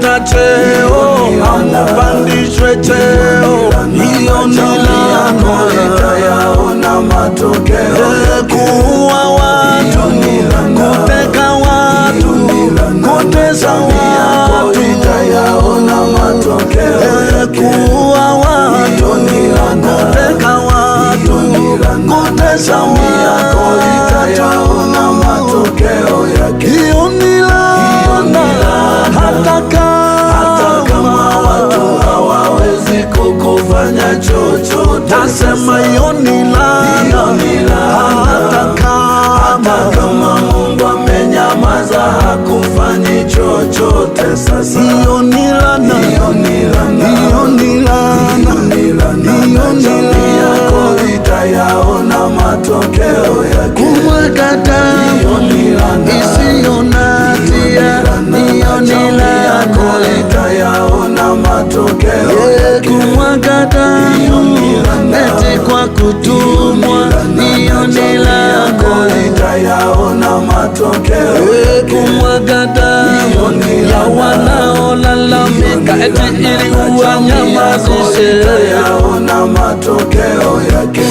pata cheo upandishwe cheo, hiyo ni lako. Utayaona matokeo. Kuua watu, kuteka watu, kutesa watu, utayaona matokeo. kufanya chochote, Nasema hiyo ni laana, hata kama Mungu amenyamaza hakufanyi chochote. Sasa hiyo ni laana, hiyo ni laana. wanaolalamika eti ili uwanyamazishe yaona matokeo yake.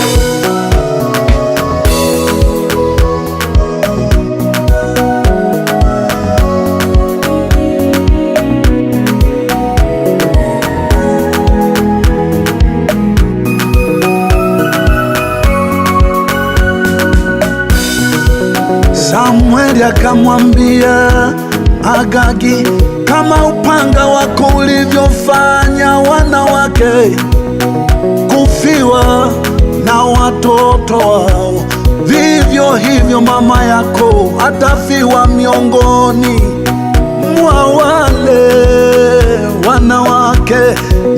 samweli akamwambia Agagi walivyofanya wanawake kufiwa na watoto wao, vivyo hivyo mama yako atafiwa miongoni mwa wale wanawake,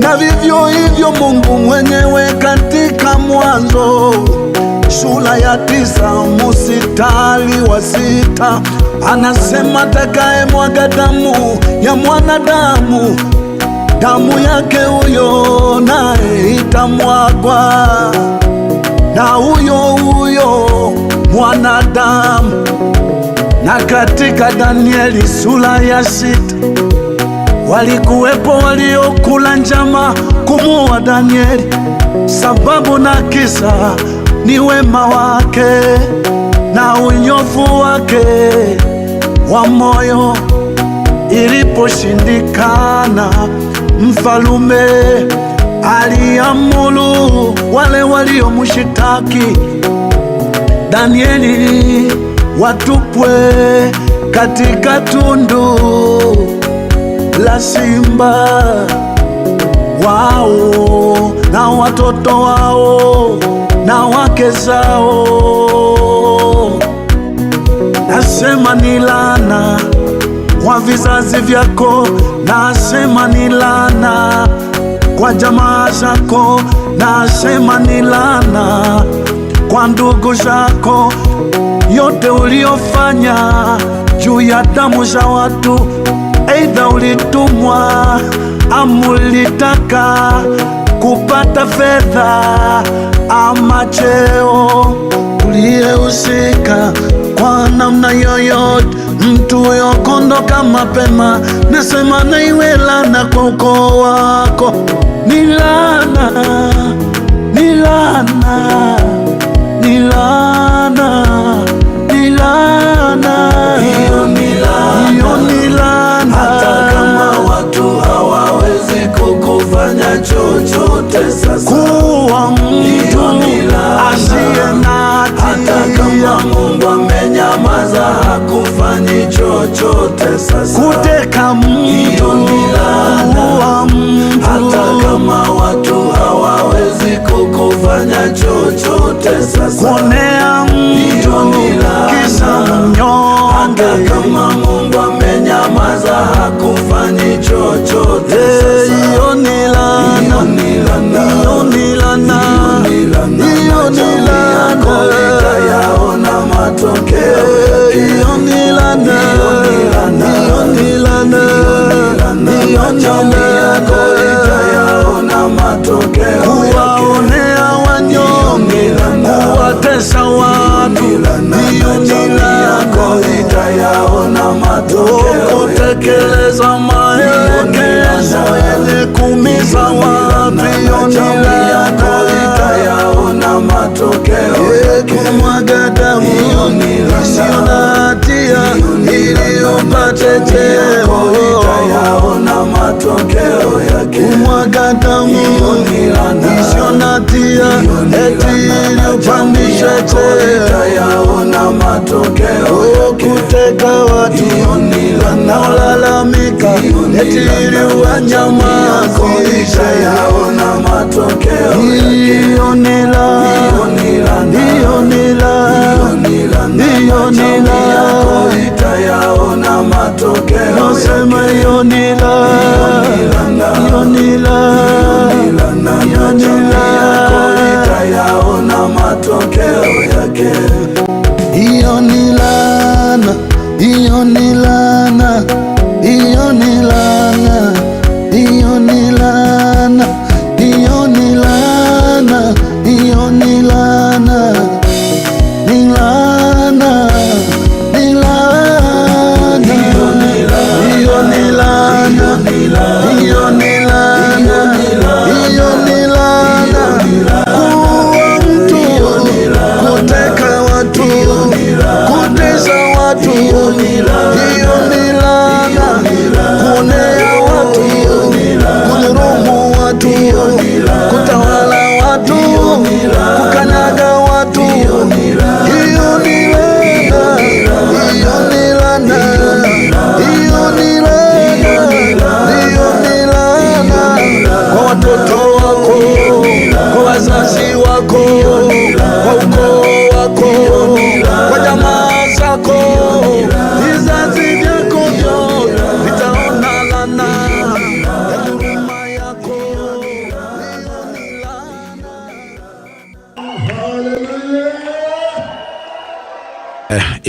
na vivyo hivyo Mungu mwenyewe katika Mwanzo sura ya tisa musitali wa sita anasema, takaye mwaga damu ya mwanadamu damu yake huyo naye itamwagwa na huyo huyo mwanadamu. Na katika Danieli sura ya sita walikuwepo waliokula njama kumuua Danieli, sababu na kisa ni wema wake na unyofu wake wa moyo. Iliposhindikana Mfalume aliamulu wale mushitaki Danieli watupwe katika tundu la simba, wao na watoto wao na wake zao. Nasema ni laana kwa vizazi vyako, nasema ni laana kwa jamaa zako, nasema ni laana kwa ndugu zako, yote uliofanya juu ya damu za watu, aidha ulitumwa ama ulitaka kupata fedha ama cheo, uliyehusika kwa namna yoyote mtu yokondoka mapema, nasema na iwe laana kwa ukoo wako, ni laana, ni laana, ni laana, ni laana, hiyo ni laana. Hata kama watu hawawezi kukufanya chochote, sasa kuwa mtu ni chochote sasa, kuteka mtu wa mtu, hata kama watu hawawezi kukufanya chochote sasa, kuonea mtu kisa mnyonge, hata kama Mungu amenyamaza hakufanyi chochote eh, sasa, hiyo ni laana, hiyo ni laana, hiyo ni laana, yaona matokeo eh, jamii yako itayaona matokeo, kuwaonea wanyonge, kuwatesa watu, jamii yako itayaona matokeo, kutekeleza maelekezo yenye kumiza watu, jamii yako itayaona matokeo, kumwaga damu isiyo na hatia ili upate cheo matokeo yake kumwaga damu isiyo na tia, eti iliyopandisha cheo, kuteka watu wanaolalamika, eti iliwanyamazisha ilionela hiyo ni la itayaona matokeo. Nasema hiyo ni la hiyo ni la hiyo ni la itayaona matokeo yake. 모르 어,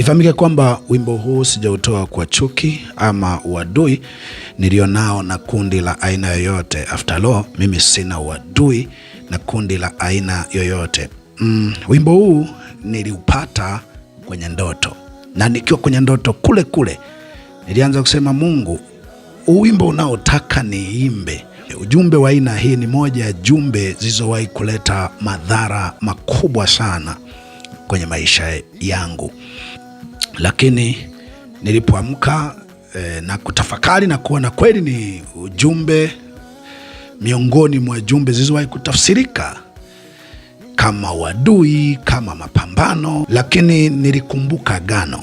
Ifahamike kwamba wimbo huu sijautoa kwa chuki ama uadui nilionao na kundi la aina yoyote. After all, mimi sina uadui na kundi la aina yoyote. Mm, wimbo huu niliupata kwenye ndoto, na nikiwa kwenye ndoto kule kule nilianza kusema, Mungu, uwimbo unaotaka unaotaka niimbe Ujumbe wa aina hii ni moja ya jumbe zilizowahi kuleta madhara makubwa sana kwenye maisha yangu lakini nilipoamka e, na kutafakari na kuona kweli ni ujumbe miongoni mwa jumbe zilizowahi kutafsirika kama uadui, kama mapambano, lakini nilikumbuka gano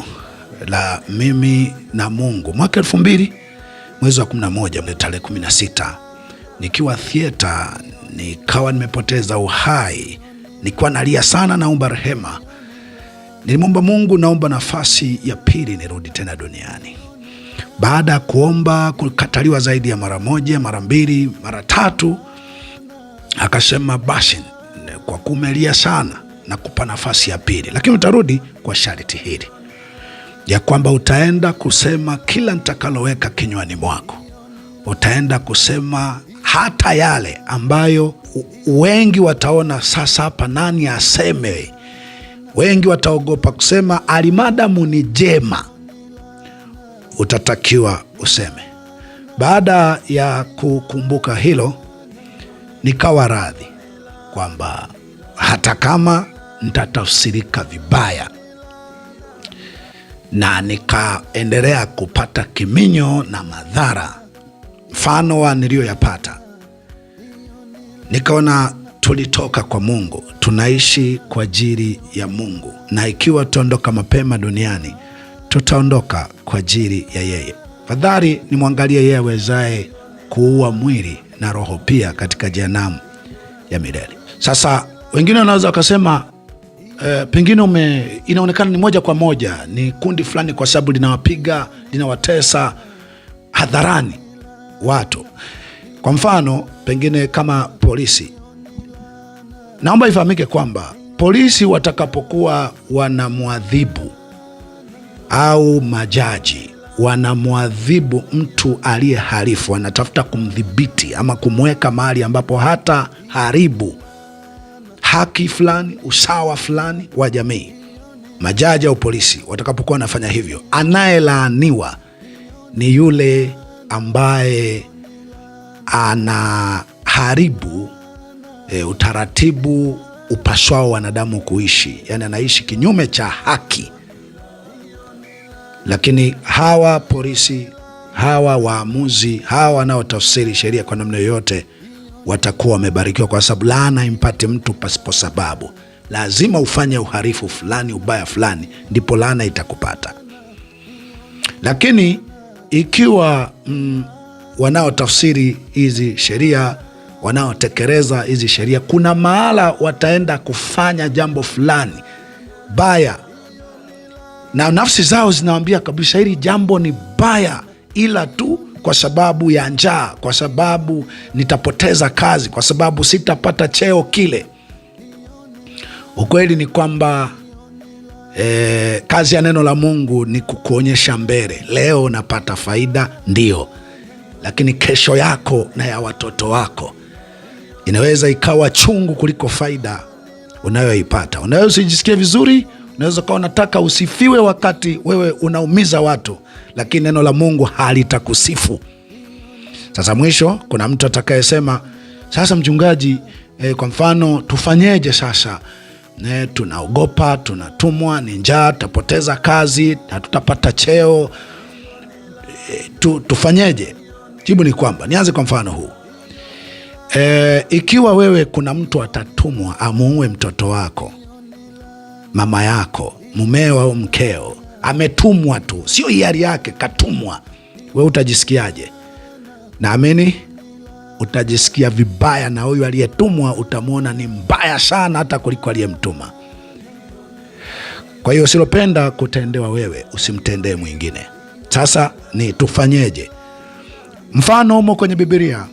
la mimi na Mungu mwaka elfu mbili mwezi wa 11 tarehe 16 nikiwa thieta, nikawa nimepoteza uhai, nikiwa nalia sana, naomba rehema Nilimwomba Mungu, naomba nafasi ya pili nirudi tena duniani. Baada ya kuomba kukataliwa zaidi ya mara moja, mara mbili, mara tatu, akasema basi, kwa kumelia sana na kupa nafasi ya pili, lakini utarudi kwa sharti hili ya kwamba utaenda kusema kila nitakaloweka kinywani mwako, utaenda kusema hata yale ambayo wengi wataona sasa hapa nani aseme wengi wataogopa kusema alimadamu ni jema, utatakiwa useme. Baada ya kukumbuka hilo, nikawa radhi kwamba hata kama nitatafsirika vibaya, na nikaendelea kupata kiminyo na madhara mfano wa niliyoyapata, nikaona tulitoka kwa Mungu, tunaishi kwa ajili ya Mungu, na ikiwa tutaondoka mapema duniani, tutaondoka kwa ajili ya yeye. Fadhali nimwangalie yeye awezaye kuua mwili na roho pia katika jehanamu ya milele. Sasa wengine wanaweza wakasema Uh, pengine ume inaonekana ni moja kwa moja ni kundi fulani, kwa sababu linawapiga linawatesa hadharani watu. Kwa mfano, pengine kama polisi Naomba ifahamike kwamba polisi watakapokuwa wanamwadhibu au majaji wanamwadhibu mtu aliye harifu wanatafuta kumdhibiti ama kumweka mahali ambapo hata haribu haki fulani, usawa fulani wa jamii. Majaji au polisi watakapokuwa wanafanya hivyo, anayelaaniwa ni yule ambaye anaharibu e, utaratibu upaswao wanadamu kuishi, yani anaishi kinyume cha haki. Lakini hawa polisi, hawa waamuzi, hawa wanaotafsiri sheria kwa namna yoyote watakuwa wamebarikiwa, kwa sababu laana impate mtu pasipo sababu. Lazima ufanye uharifu fulani, ubaya fulani, ndipo laana itakupata. Lakini ikiwa mm, wanaotafsiri hizi sheria wanaotekeleza hizi sheria, kuna mahala wataenda kufanya jambo fulani baya, na nafsi zao zinawambia kabisa hili jambo ni baya, ila tu kwa sababu ya njaa, kwa sababu nitapoteza kazi, kwa sababu sitapata cheo kile. Ukweli ni kwamba eh, kazi ya neno la Mungu ni kukuonyesha mbele. Leo unapata faida ndio, lakini kesho yako na ya watoto wako inaweza ikawa chungu kuliko faida unayoipata. Unaweza usijisikie vizuri, unaweza ukawa unataka usifiwe wakati wewe unaumiza watu, lakini neno la Mungu halitakusifu. Sasa mwisho, kuna mtu atakayesema sasa, mchungaji eh, kwa mfano tufanyeje sasa Ne, eh, tunaogopa, tunatumwa, ni njaa, tutapoteza kazi, hatutapata cheo e, tu, tufanyeje? Jibu ni kwamba nianze kwa mfano huu. E, ikiwa wewe kuna mtu atatumwa amuue mtoto wako, mama yako, mumeo au mkeo, ametumwa tu, sio hiari yake, katumwa, we utajisikiaje? Naamini utajisikia vibaya, na huyu aliyetumwa utamwona ni mbaya sana, hata kuliko aliyemtuma. Kwa hiyo usilopenda kutendewa wewe usimtendee mwingine. Sasa ni tufanyeje? Mfano umo kwenye Bibilia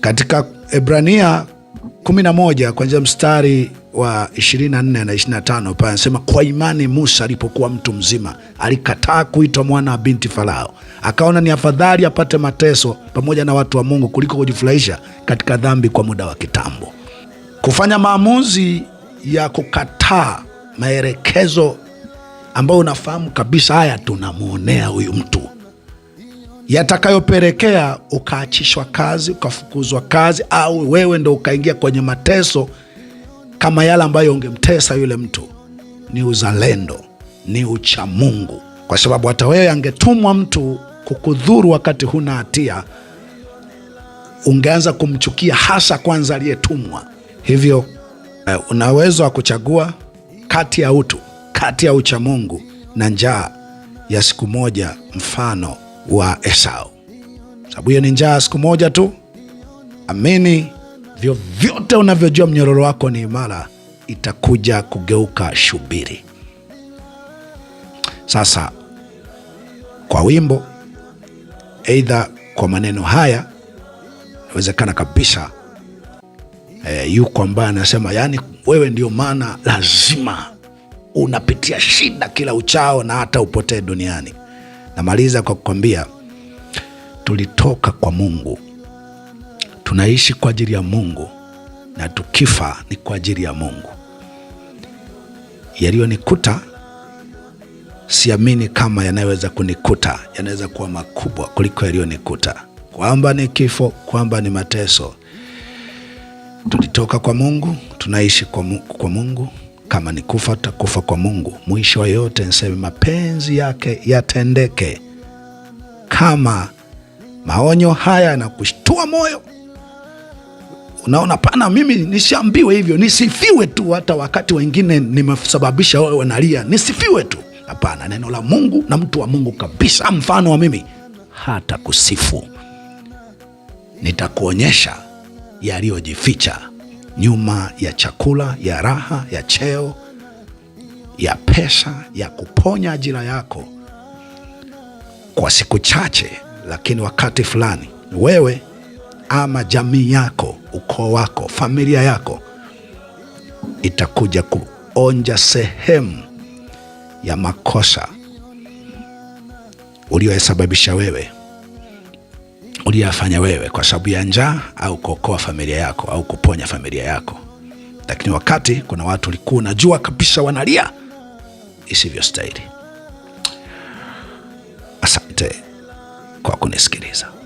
katika Ebrania 11 kwanzia mstari wa 24 na 25 pale anasema, kwa imani Musa alipokuwa mtu mzima alikataa kuitwa mwana wa binti Farao, akaona ni afadhali apate mateso pamoja na watu wa Mungu kuliko kujifurahisha katika dhambi kwa muda wa kitambo. Kufanya maamuzi ya kukataa maelekezo ambayo unafahamu kabisa, haya tunamwonea huyu mtu yatakayopelekea ukaachishwa kazi, ukafukuzwa kazi, au wewe ndo ukaingia kwenye mateso kama yale ambayo ungemtesa yule mtu, ni uzalendo, ni uchamungu, kwa sababu hata wewe angetumwa mtu kukudhuru wakati huna hatia, ungeanza kumchukia, hasa kwanza aliyetumwa. Hivyo eh, una uwezo wa kuchagua kati ya utu, kati ya uchamungu na njaa ya siku moja, mfano wa Esau, sababu hiyo ni njaa siku moja tu. Amini vyovyote unavyojua mnyororo wako ni imara, itakuja kugeuka shubiri. Sasa kwa wimbo, aidha kwa maneno haya, inawezekana kabisa e, yuko ambaye anasema yaani, wewe ndio maana lazima unapitia shida kila uchao na hata upotee duniani. Namaliza kwa kukwambia tulitoka kwa Mungu, tunaishi kwa ajili ya Mungu na tukifa ni kwa ajili ya Mungu. Yaliyonikuta siamini kama yanayoweza kunikuta, yanaweza kuwa makubwa kuliko yaliyonikuta, kwamba ni kifo, kwamba ni mateso. Tulitoka kwa Mungu, tunaishi kwa Mungu, kwa Mungu kama ni kufa, takufa kwa Mungu. Mwisho wa yote niseme mapenzi yake yatendeke. Kama maonyo haya yanakushtua moyo, unaona pana, mimi nishambiwe hivyo, nisifiwe tu, hata wakati wengine nimesababisha wao wanalia, nisifiwe tu. Hapana, neno la Mungu na mtu wa Mungu kabisa, mfano wa mimi, hata kusifu nitakuonyesha yaliyojificha nyuma ya chakula, ya raha, ya cheo, ya pesa, ya kuponya ajira yako kwa siku chache, lakini wakati fulani wewe ama jamii yako, ukoo wako, familia yako itakuja kuonja sehemu ya makosa uliyoyasababisha wewe uliyafanya wewe kwa sababu ya njaa au kuokoa familia yako au kuponya familia yako. Lakini wakati kuna watu walikuwa unajua kabisa wanalia isivyostahili. Asante kwa kunisikiliza.